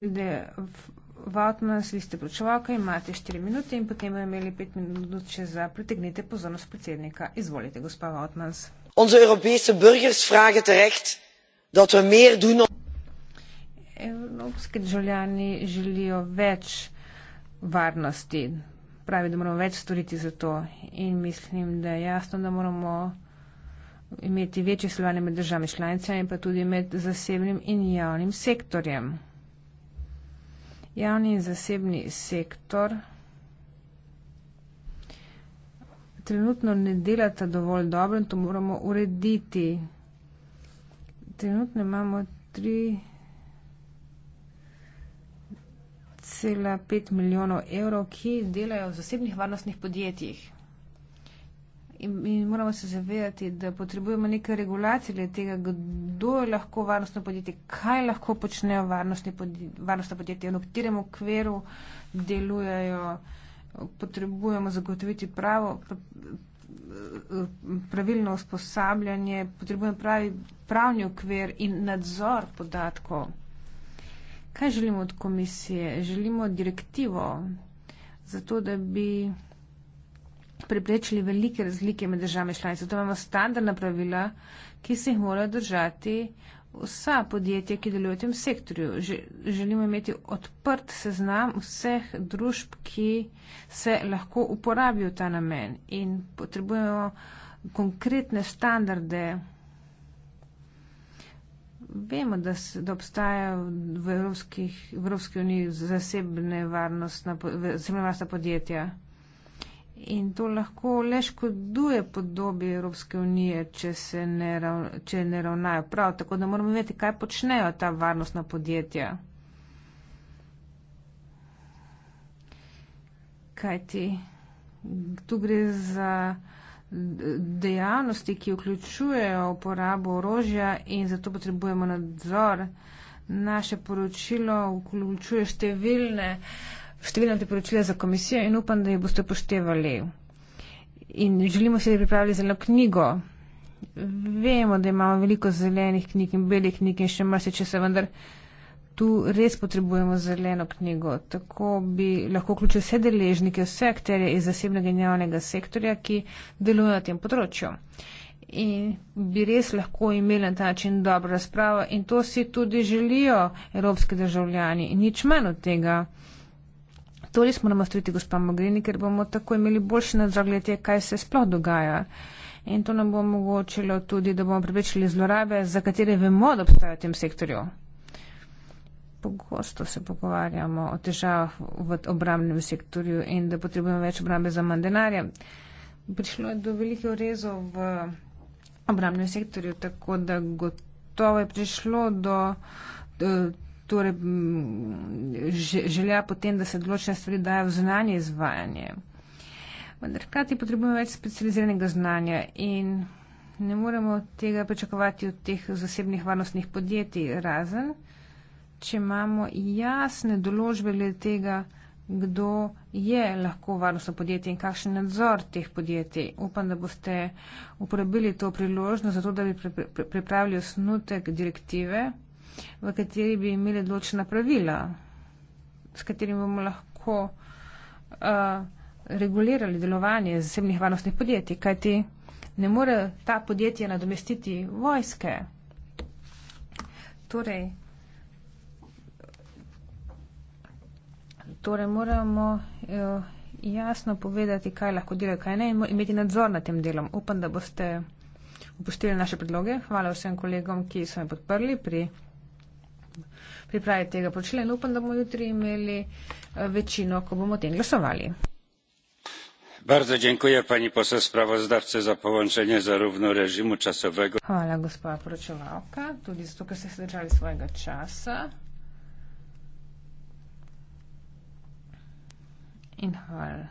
Da Vatna, vi ste pročevalka, imate 4 minute in potem bomo imeli 5 minut še za pritegnite pozornost predsednika. Izvolite, gospa Vatmans. Onze evropejske burgers vragen terecht, da to mer duno. Evropski državljani želijo več varnosti. Pravi, da moramo več storiti za to in mislim, da je jasno, da moramo imeti večje slovanje med državami članicami, pa tudi med zasebnim in javnim sektorjem. Javni in zasebni sektor trenutno ne delata dovolj dobro in to moramo urediti. Trenutno imamo 3,5 milijonov evrov, ki delajo v zasebnih varnostnih podjetjih. In, in moramo se zavedati, da potrebujemo neke regulacije tega, kdo je lahko varnostno podjetje, kaj lahko počnejo podje, varnostno podjetje, v katerem okviru delujejo. Potrebujemo zagotoviti pravo, pravilno usposabljanje, potrebujemo pravi, pravni okvir in nadzor podatkov. Kaj želimo od komisije? Želimo direktivo za to, da bi preprečili velike razlike med državami članice. To imamo standardna pravila, ki se jih morajo držati vsa podjetja, ki delujejo v tem sektorju. Želimo imeti odprt seznam vseh družb, ki se lahko uporabijo ta namen in potrebujemo konkretne standarde. Vemo, da, se, da obstaja v, v Evropski uniji zasebne varnostna, zasebne varnostna podjetja. In to lahko le škoduje podobi Evropske unije, če, ne, rav, če ne ravnajo prav. Tako da moramo vedeti, kaj počnejo ta varnostna podjetja. Kaj ti? Tu gre za dejavnosti, ki vključujejo uporabo orožja in zato potrebujemo nadzor. Naše poročilo vključuje številne uh, številna priporočila za komisijo in upam, da jih boste poštevali. In želimo se, da bi pripravili zelo knjigo. Vemo, da imamo veliko zelenih knjig in belih knjig in še marsičesa, vendar tu res potrebujemo zeleno knjigo. Tako bi lahko vključili vse deležnike, vse akterje iz zasebnega in javnega sektorja, ki delujejo na tem področju. In bi res lahko imeli na ta način dobro razpravo in to si tudi želijo evropski državljani. In nič manj od tega res moramo storiti, gospa Mogrini, ker bomo tako imeli boljše nadzorje, kaj se sploh dogaja. In to nam bo omogočilo tudi, da bomo preprečili zlorabe, za katere vemo, da obstajajo v tem sektorju. Pogosto se pogovarjamo o težavah v obramnem sektorju in da potrebujemo več obrambe za manj denarja. Prišlo je do velikih rezov v obramnem sektorju, tako da gotovo je prišlo do. do torej, želja potem, da se določene stvari dajo v znanje izvajanje. Vendar hkrati potrebujemo več specializiranega znanja in ne moremo tega pričakovati od teh zasebnih varnostnih podjetij, razen, če imamo jasne določbe glede tega, kdo je lahko varnostno podjetje in kakšen nadzor teh podjetij. Upam, da boste uporabili to priložnost, zato da bi pripravili osnutek direktive v kateri bi imeli določena pravila, s katerimi bomo lahko uh, regulirali delovanje zasebnih varnostnih podjetij, kajti ne more ta podjetje nadomestiti vojske. Torej, torej moramo uh, jasno povedati, kaj lahko delajo, kaj ne, in imeti nadzor nad tem delom. Upam, da boste upoštevali naše predloge. Hvala vsem kolegom, ki so me podprli pri pripravi tega počela in upam, da bomo jutri imeli eh, večino, ko bomo o tem glasovali. Bardzo dziękuję pani poseł sprawozdawcy za połączenie zarówno reżimu czasowego. Hvala, gospa poročevalka, tudi zato, ker ste zdržali svojega časa. In hvala.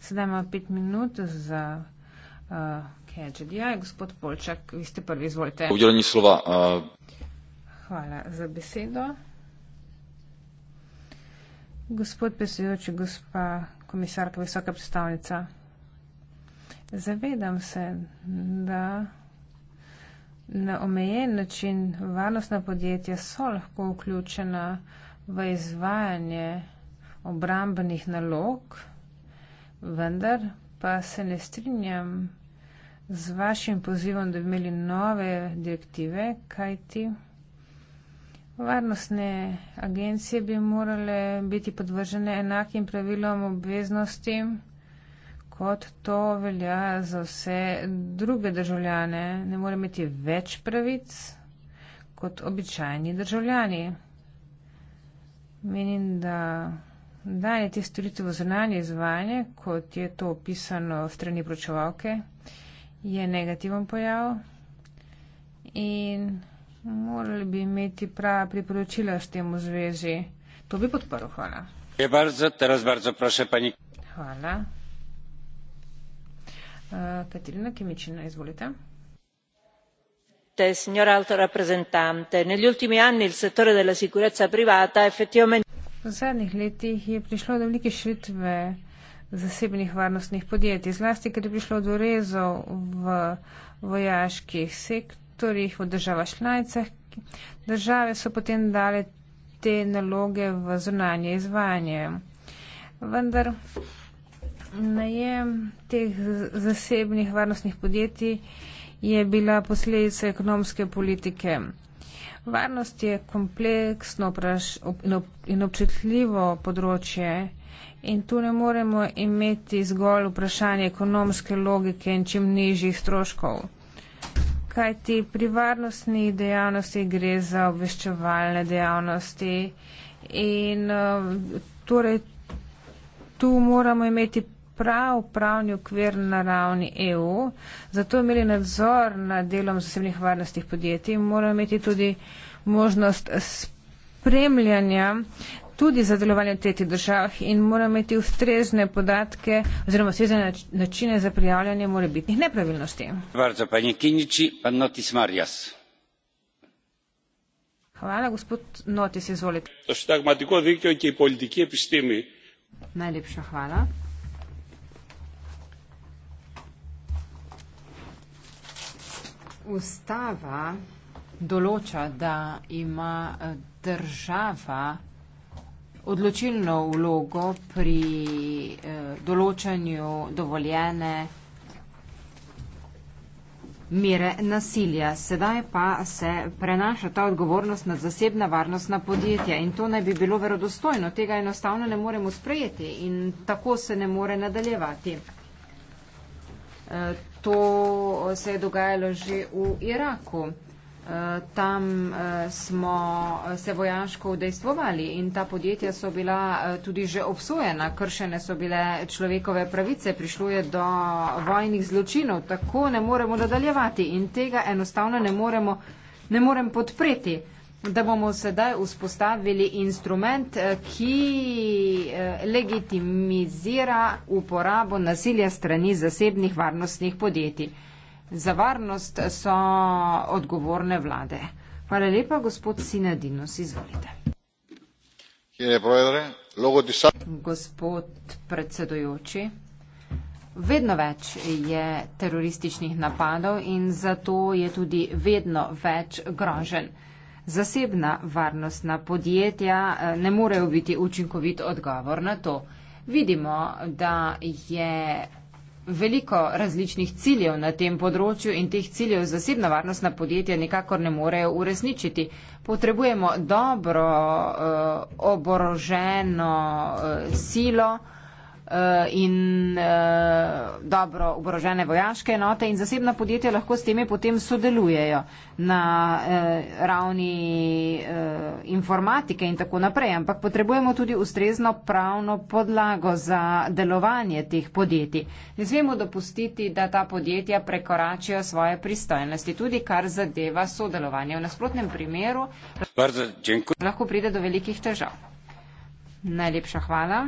Sedaj ima pet minut za uh, eh, KGDI. Gospod Polčak, vi ste prvi, izvolite. Udeleni slova. Uh... Hvala za besedo. Gospod predsedujoči, gospa komisarka, visoka predstavnica. Zavedam se, da na omejen način varnostna podjetja so lahko vključena v izvajanje obrambnih nalog, vendar pa se ne strinjam z vašim pozivom, da bi imeli nove direktive, kajti. Varnostne agencije bi morale biti podvržene enakim pravilom obveznosti, kot to velja za vse druge državljane. Ne more imeti več pravic kot običajni državljani. Menim, da dajanje te storitve v zunanje izvajanje, kot je to opisano v strani pročevalke, je negativen pojav. In Morali bi imeti prava priporočila s tem v zvezi. To bi podprl. Hvala. Je bardzo, teraz bardzo proszę pani. Hvala. E, Katarina Kimičina, izvolite. Signor alto rappresentante, negli ultimi anni il settore della sicurezza privata effettivamente. V zadnjih letih je prišlo do velike širitve zasebnih varnostnih podjetij, zlasti ker je prišlo do rezov v vojaških sektorjih sektorjih, v državah članicah. Države so potem dale te naloge v zunanje izvajanje. Vendar najem teh zasebnih varnostnih podjetij je bila posledica ekonomske politike. Varnost je kompleksno in občutljivo področje in tu ne moremo imeti zgolj vprašanje ekonomske logike in čim nižjih stroškov kaj ti pri varnostni dejavnosti gre za obveščevalne dejavnosti. In eh, torej tu moramo imeti prav pravni okvir na ravni EU, zato imeli nadzor nad delom zasebnih varnostnih podjetij, moramo imeti tudi možnost spremljanja tudi za delovanje v tretjih državah in mora imeti ustrezne podatke oziroma ustrezne načine za prijavljanje morebitnih nepravilnosti. Hvala, gospod Notis, izvolite. Najlepša hvala. Ustava določa, da ima eh, država odločilno vlogo pri eh, določanju dovoljene mire nasilja. Sedaj pa se prenaša ta odgovornost na zasebna varnostna podjetja in to naj bi bilo verodostojno. Tega enostavno ne moremo sprejeti in tako se ne more nadaljevati. Eh, to se je dogajalo že v Iraku. Eh, tam eh, smo eh, se vojaško udejstvovali in ta podjetja so bila tudi že obsojena, kršene so bile človekove pravice, prišlo je do vojnih zločinov, tako ne moremo nadaljevati in tega enostavno ne, moremo, ne morem podpreti, da bomo sedaj vzpostavili instrument, ki legitimizira uporabo nasilja strani zasebnih varnostnih podjetij. Za varnost so odgovorne vlade. Hvala lepa, gospod Sinadinos, izvolite. Gospod predsedujoči, vedno več je terorističnih napadov in zato je tudi vedno več grožen. Zasebna varnostna podjetja eh, ne morejo biti učinkovit odgovor na to. Vidimo, da je veliko različnih ciljev na tem področju in teh ciljev zasebna varnostna podjetja nikakor ne morejo uresničiti. Potrebujemo dobro uh, oboroženo uh, silo, uh, Eh, in eh, dobro oborožene vojaške enote in zasebna podjetja lahko s temi potem sodelujejo na eh, ravni informatike in tako naprej. Ampak potrebujemo tudi ustrezno pravno podlago za delovanje teh podjetij. Ne smemo dopustiti, da ta podjetja prekoračijo svoje pristojnosti, tudi kar zadeva sodelovanje. V nasprotnem primeru lahko pride do velikih težav. Najlepša hvala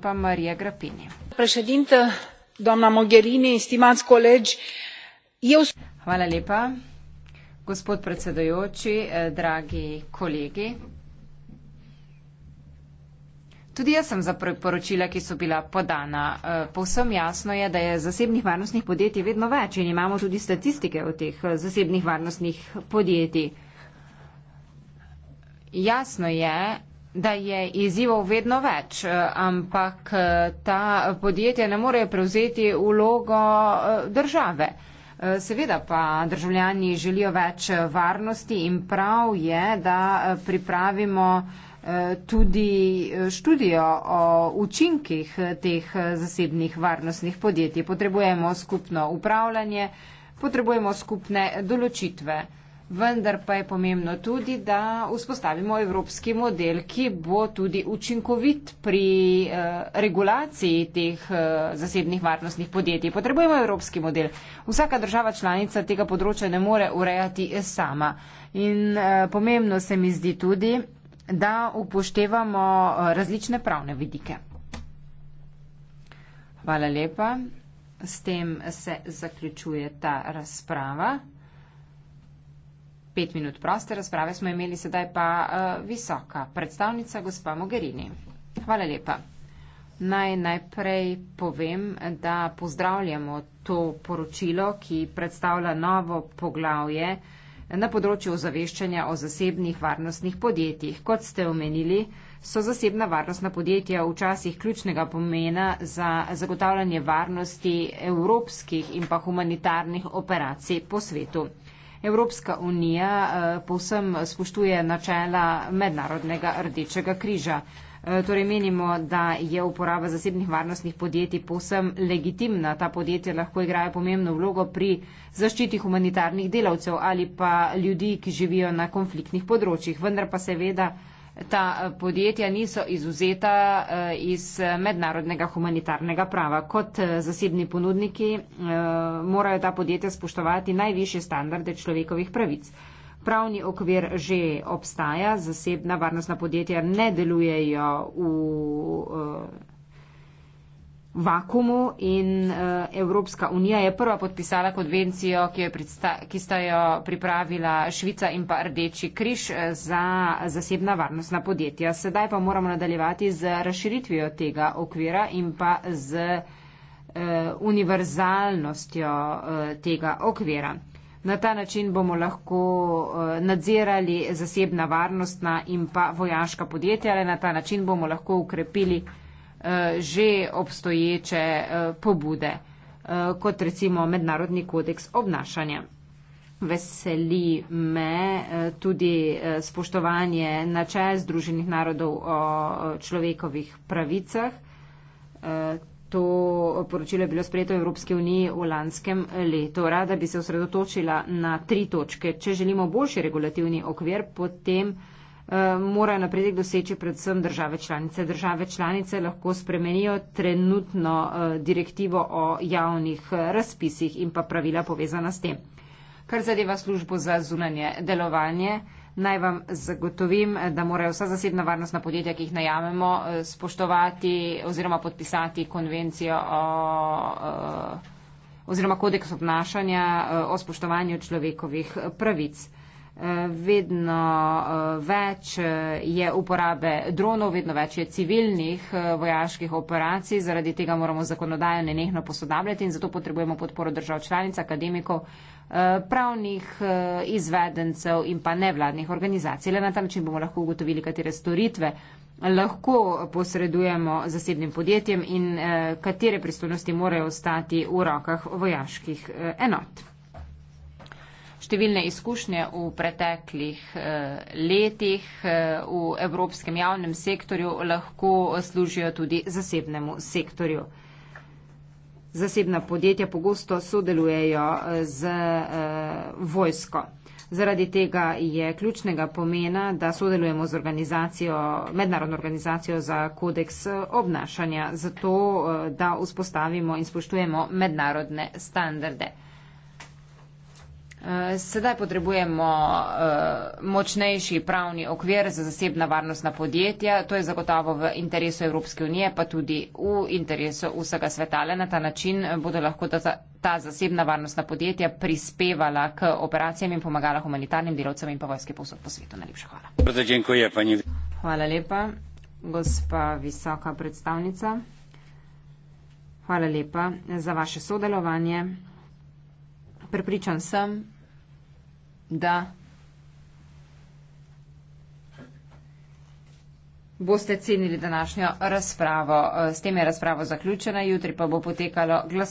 doamnă președintă doamnă mogherini stimați colegi eu. gospod predsedujoči eh, dragi kolegi tudi jaz sem za poročila ki so bila podana eh, povsem jasno je da je zasebnih varnostnih podjetij vedno več in imamo tudi statistike o teh eh, zasebnih varnostnih podjetij jasno je da je izzivov vedno več, eh, ampak eh, ta podjetja ne morejo prevzeti ulogo eh, države. Seveda pa državljani želijo več varnosti in prav je, da pripravimo tudi študijo o učinkih teh zasebnih varnostnih podjetij. Potrebujemo skupno upravljanje, potrebujemo skupne določitve vendar pa je pomembno tudi, da vzpostavimo evropski model, ki bo tudi učinkovit pri eh, regulaciji teh eh, zasebnih varnostnih podjetij. Potrebujemo evropski model. Vsaka država članica tega področja ne more urejati sama. In eh, pomembno se mi zdi tudi, da upoštevamo različne pravne vidike. Hvala lepa. S tem se zaključuje ta razprava pet minut proste razprave smo imeli, sedaj pa uh, visoka predstavnica gospa Mogherini. Hvala lepa. Naj najprej povem, da pozdravljamo to poročilo, ki predstavlja novo poglavje na področju ozaveščanja o zasebnih varnostnih podjetjih. Kot ste omenili, so zasebna varnostna podjetja včasih ključnega pomena za zagotavljanje varnosti evropskih in pa humanitarnih operacij po svetu. Evropska unija eh, povsem spoštuje načela mednarodnega rdečega križa. Eh, torej menimo, da je uporaba zasebnih varnostnih podjetij posem legitimna. Ta podjetja lahko igrajo pomembno vlogo pri zaščiti humanitarnih delavcev ali pa ljudi, ki živijo na konfliktnih področjih. Vendar pa seveda ta eh, podjetja niso izuzeta eh, iz eh, mednarodnega humanitarnega prava. Kot zasebni ponudniki morajo ta podjetja spoštovati najviše standarde človekovih pravic. Pravni okvir že obstaja, zasebna varnostna podjetja ne delujejo v vakumu in uh, Evropska unija je prva podpisala konvencijo, ki, ki sta jo pripravila Švica in pa Rdeči križ eh, za zasebna varnostna podjetja. Sedaj pa moramo nadaljevati z razširitvijo tega okvira in pa z uh, univerzalnostjo uh, tega okvira. Na ta način bomo lahko nadzirali zasebna varnostna in pa vojaška podjetja, ali na ta način bomo lahko ukrepili Eh, že obstoječe eh, pobude, eh, kot recimo mednarodni kodeks obnašanja. Veseli me tudi spoštovanje načel Združenih narodov o človekovih pravicah. To poročilo je bilo sprejeto v Evropski uniji v lanskem letu. Rada bi se osredotočila na tri točke. Če želimo boljši regulativni okvir, potem. Eh, morajo napredek doseči predvsem države članice. Države članice lahko spremenijo trenutno eh, direktivo o javnih eh, razpisih in pa pravila povezana s tem. Kar zadeva službo za zunanje delovanje, naj vam zagotovim, da morajo vsa zasebna varnostna podjetja, ki jih najamemo, spoštovati oziroma podpisati konvencijo o oziroma kodeks obnašanja o spoštovanju človekovih pravic. Eh, vedno eh, več eh, je uporabe dronov, vedno več je civilnih vojaških operacij, zaradi tega moramo zakonodajo nenehno posodabljati in zato potrebujemo podporo držav članic, akademikov, pravnih izvedencev in pa nevladnih organizacij. Le na ta način bomo lahko ugotovili, katere storitve lahko posredujemo zasebnim podjetjem in katere pristojnosti morajo ostati v rokah vojaških enot številne izkušnje v preteklih eh, letih eh, v evropskem javnem sektorju lahko služijo tudi zasebnemu sektorju. Zasebna podjetja pogosto sodelujejo eh, z vojsko. Zaradi tega je ključnega pomena, da sodelujemo z organizacijo, mednarodno organizacijo za kodeks obnašanja, zato da vzpostavimo in spoštujemo mednarodne standarde. Eh, sedaj potrebujemo eh, močnejši pravni okvir za zasebna varnostna podjetja. To je zagotovo v interesu Evropske unije, pa tudi v interesu vsega sveta. Le na ta način bodo lahko ta, ta zasebna varnostna podjetja prispevala k operacijam in pomagala humanitarnim delovcem in pa vojski posod po svetu. Najlepša hvala. Hvala lepa, gospa visoka predstavnica. Hvala lepa za vaše sodelovanje prepričan sem, da boste cenili današnjo razpravo. S tem je razpravo zaključena, jutri pa bo potekalo glasovanje.